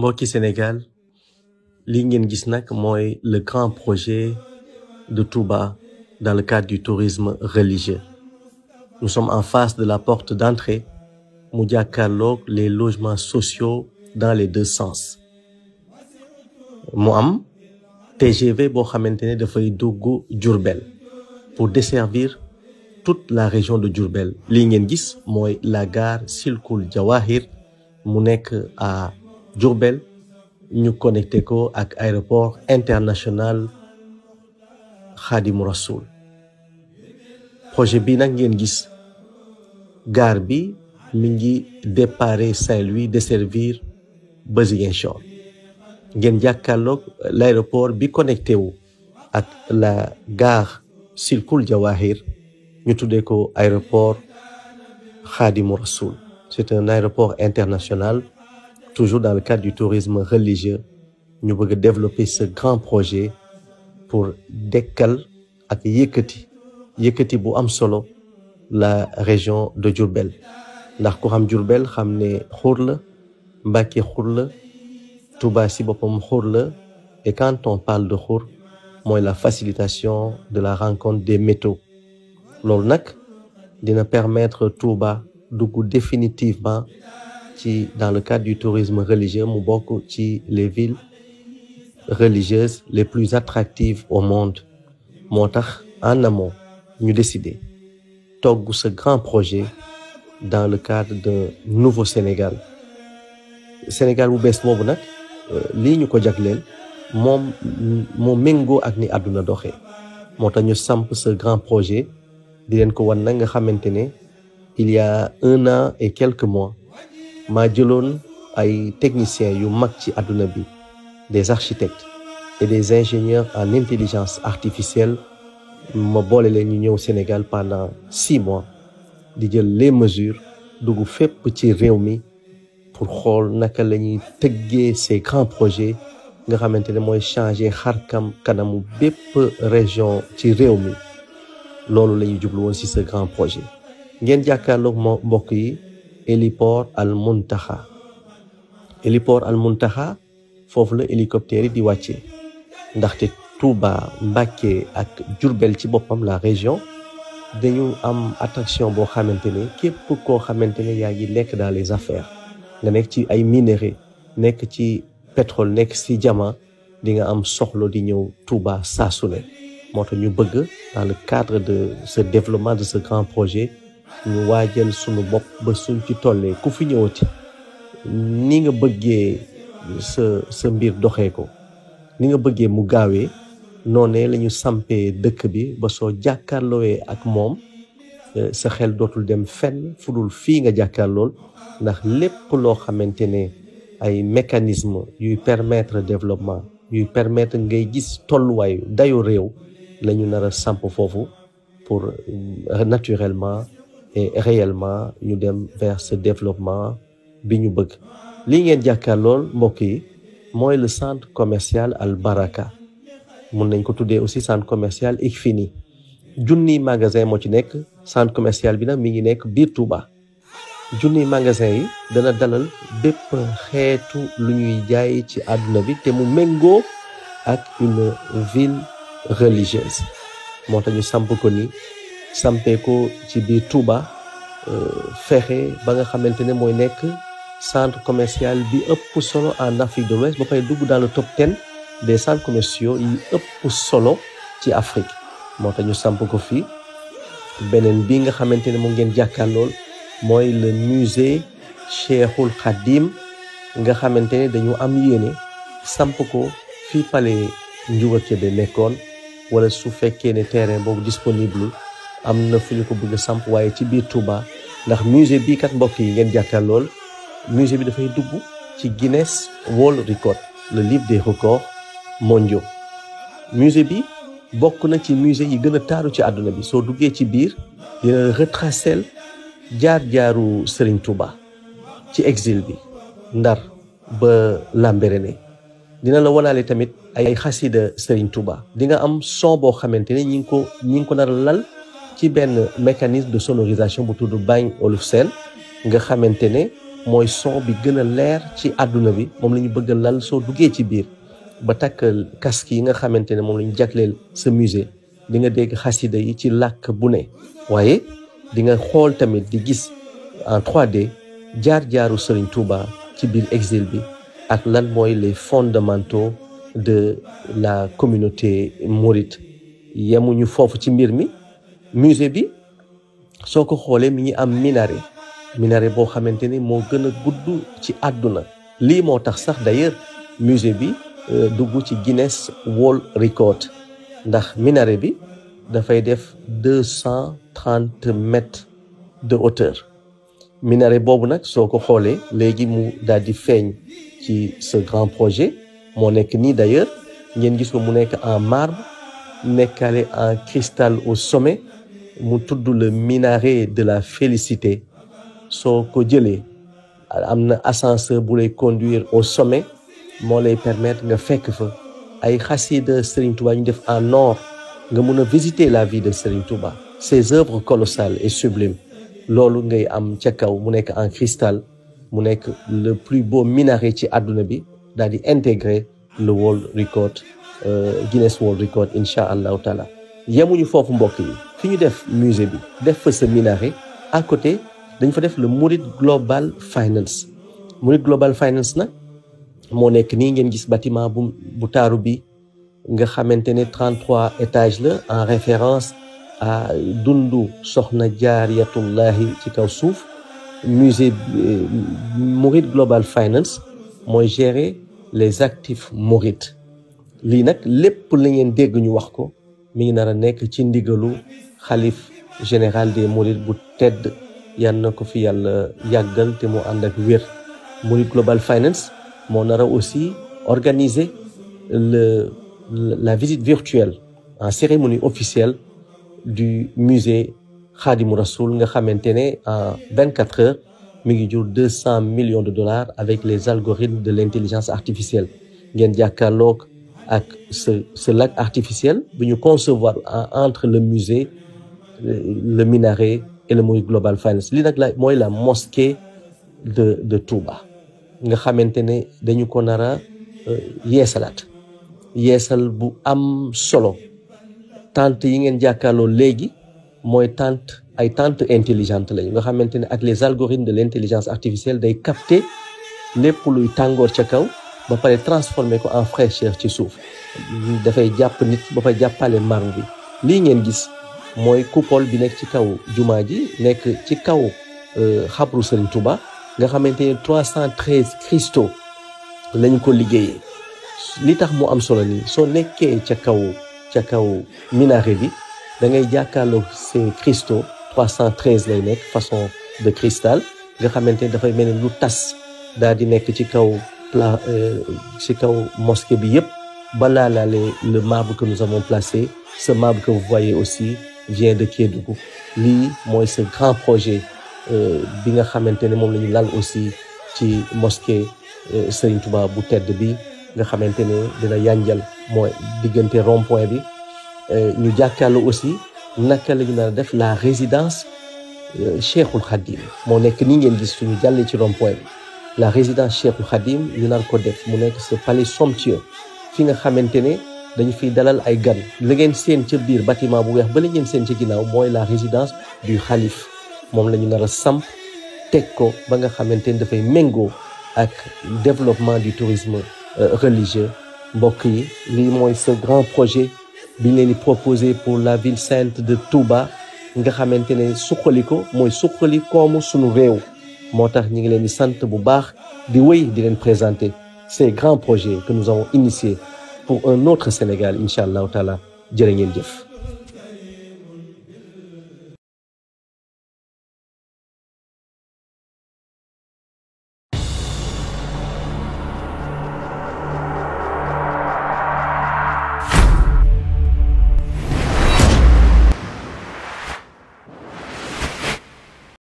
mbokki Sénégal li ngeen gis nag mooy le grand projet de Touba dans le cadre du tourisme religieux nous sommes en face de la porte d'entrée mu jàkkaarloog les logements sociaux dans les deux sens mu am TGV boo xamante ne dafay dugg Diourbel pour desservir toute la région de Diourbel li ngeen gis mooy la gare Silkul Jawahir mu nekk Diourbel ñu connecté ko ak aéroport international Khadimu Rasoul projet bi nag ngeen gis gare bi mi ngi déparé Saint-Louis desservir ba Ziguinchor ngeen jàkkaarloog l'aéroport bi connecté wu ak la gare Silkul Jawahir ñu tuddee ko aéroport Khadimu Rasoul c'est un aéroport international toujours dans le cadre du tourisme religieux ñu bëgg a développer ce grand projet pour dekkal ak yëkkati yëkkati bu am solo la région de Diourbel ndax ku xam Diourbel xam ne xur la Mbacké xur la Touba si boppam xur la et quand on parle de xur mooy la facilitation de la rencontre des métaux loolu nag dina permettre Touba dugg définitivement ci dans le cadre du tourisme religieux mu bokku ci les villes religieuses les plus attractives au monde moo tax en amont ñu décider togg ce grand projet dans le cadre d'un nouveau Sénégal Sénégal bu bees boobu nag euh, lii ñu ko jagleel moom moo méngoo ak ni àdduna doxee moo tax ñu samp ce grand projet di leen ko wan nag nga xamante ne il y un an et quelques mois ma jëloon ay techniciens yu mag ci àdduna bi des architectes et des ingénieurs en intelligence artificielle ma boole leen ñu ñëw Sénégal pendant six mois di jël les mesures dugg fépp ci réew mi pour xool naka la ñuy tëggee ces grands projet nga xamante ne mooy changer xarkam kanamu bépp région ci réew mi loolu la ñuy jublu woon ci ce grand projet ngeen jàkkaarloog moo mbokk yi héliport al muntaxa héliport al muntaxa foofu la hélicoptère yi di wàcce ndaxte Touba Mbacké ak jurbel ci boppam la région dañu am attraction boo xamante ne képp koo xamante ne yaa ngi nekk dans les affaires nga nekk ci ay minerais nekk ci pétrole nekk ci diamant di nga am soxlo di ñëw Touba saa moo tax ñu bëgg dans le cadre de ce développement de ce grand projet ñu waajal sunu bopp ba suñ ci tollee ku fi ñëw ñëwati ni nga bëggee sa sa mbir doxee ko ni nga bëggee mu gaawee noonee lañu la ñu sampee dëkk bi ba soo jàkkaarloowee ak moom eh, sa xel dootul dem fenn fu dul fii nga jàkkaarlool ndax lépp loo xamante ne ay mécanisme yuy permettre développement yuy permettre ngay gis tolluwaayu dayu réew lañu ñu nar samp foofu pour euh, naturellement réelement ñu dem vers développement bi ñu bëgg lii ngeen jàkkaar lool mbokk yi mooy le centre commerciale Al Baraka mun nañ ko tuddee aussi centre commercial Ikfini junni magasin moo ci nekk centre commerciale bi nag mi ngi nekk biir Touba junni magasin yi dana dalal bépp xeetu lu ñuy jaay ci àdduna bi te mu méngoo ak une ville religieuse moo tax ñu samp ko ni sampee ci biir Touba euh, fexe ba nga xamante ne mooy nekk centre commerciale bi ëpp solo en Afrique de l'Ouest ba pare dugg dans le top 10 des centres commerciaux yi ëpp solo ci Afrique moo tax ñu samp ko fii beneen bi nga xamante ne mu ngeen jàkkaar lool mooy le musée Cheikhul Khadim nga xamante ne dañu am yéene samp ko fii palais Ndiouga Kébé nekkoon wala su fekkee ne terrain boobu disponible am na fu ñu ko bëgg a samp waaye ci biir Touba ndax musée bii kat mbokk yi ngeen jàkkaar lool musée bi dafay dugg ci Guinness World Record le livre des records mondiaux musée bi bokk na ci musée yi gën a taaru ci àdduna bi soo duggee ci biir dina retracer jaar-jaaru sëriñ Touba ci exil bi Ndar ba Lambaréné dina la wanaale tamit ay xasida Serigne Touba di nga am son boo xamante ne ñi ngi ko ñi ngi ko nar lal ci benn mécanisme de sonorisation bu tudd Bang Olufsen nga xamante ne mooy son bi gën a leer ci àdduna bi moom lañu bëgg lal soo duggee ci biir ba takk kaski yi nga xamante ne moom la ñu jagleel sa musée di nga dégg xasida yi ci làkk bu ne waaye di nga xool tamit di gis en trois de jaar-jaaru Serigne Touba ci biir exil bi ak lan mooy les fondamentaux de la communauté mouride yemuñu foofu ci mbir mi musée bi soo ko xoolee mi ngi am minaret minaret boo xamante ni moo gën a gudd ci àdduna lii moo tax sax d'ailleurs musée bi euh, dugg ci Guinness wol Record ndax minaret bi dafay def deux cent trente de hauteur minaret boobu nag soo ko xoolee léegi mu daal di feeñ ci ce grand projet moo nekk nii d'ailleurs ngeen gis ko mu nekk en marbre nekkale en cristal au sommet mu tudd le minaret de la félicité soo ko jëlee am na ascenseur bu lay conduire au sommet moo lay permettre nga fekk fa ay xasida Serigne Touba ñu def en or nga mun a visiter la vie de Serigne Touba ses œuvres colossales et sublimes loolu ngay am ca kaw mu nekk en cristal mu nekk le plus beau minaret ci àdduna bi daal di intégrer le World Record euh, Guinness World Record incha allahu taala yemuñu foofu mbokk yi fi ñu def musée bi def fa sa minaret à côté dañ fa def le Mouride Global Finance Mouride Global Finance nag moo nekk nii ngeen gis bâtiment bu taaru bi nga xamante ne 33 étage la en référence à dundu soxna jaariyatullahi ci kaw suuf musée Mouride Global Finance mooy gérer les actifs mourides lii nag lépp la ngeen dégg ñu wax ko mi ngi nar a nekk ci ndigalu xalif général de mourides bu tedd yal na ko fi te mu ànd ak wér Mouride Global Finance moo nar a aussi organiser le la visite virtuelle en cérémonie officielle du musée Khadimu Rasoul nga xamante ne en vingt quatre heures mi ngi jur deux cent millions de dollars avec les algorithmes de l'intelligence artificielle ngeen jàkkaarloog ak ce ce lac artificiel bu ñu concevoir entre le musée euh, le minaret et le Mourides Global nag la mooy la mosquée de de Touba nga xamante ne dañu ko nar a euh, yeesalaat yeesal bu am solo tente yi ngeen jàkkaarloo léegi mooy tente ay tente intelligente lañu nga xamante ne ak les algorithmes de l'intelligence artificielle day capter lépp luy tàngoor ca kaw ba pare transformé ko en fraîcheur ci suuf dafay jàpp nit ba pare jàppale marne bi lii ngeen gis mooy coupole bi nekk ci kaw jumaa ji nekk ci kaw euh, xabru Sëriñ Tuba nga xamante ne trois cent treize cristaux lañ ko liggéeyee li tax mu am solo nii soo nekkee ca kaw ca kaw minaret bi da ngay jàkkaarloo ces cristaux trois cent treize lay nekk façon de cristal nga xamante ne dafay mel ne lu tas daal di nekk ci kaw pla euh, ci kaw mosquée bi yëpp balaa laale le marbre que nous avons placé ce marbre que vous voyez aussi vient de Kédougou lii mooy ce grand projet euh, bi nga xamante ne moom lañu lal aussi ci mosquée euh, Serigne Touba bu tedd bi nga xamante ne dina yanjal mooy diggante rond point bi ñu jàkkaarloo aussi naka la ñu def la résidence Cheikhul Khadim moo nekk ni ngeen gis suñu jàllee ci rond bi la résidence Cheikhoul Khadim ñu nar ko def mu nekk ce palais somptueux fi nga xamante ne dañu fiy dalal ay gan la ngeen seen ca biir bâtiment bu weex ba la ngeen seen ca ginnaaw mooy la résidence du xalif moom la ñu nar a samp teg ko ba nga xamante ne dafay méngoo ak développement du tourisme euh, religieux mbokk yi lii mooy ce grand projet bi ñu leen di proposé pour la ville sainte de Touba nga xamante ne suqali ko mooy suqali koomu sunu réew moo tax ñu ngi leen di sant bu baax di wéy di leen présenter ces grands projet que nous avons initiés pour un autre Sénégal incha allahu taala jërë ngeen jëf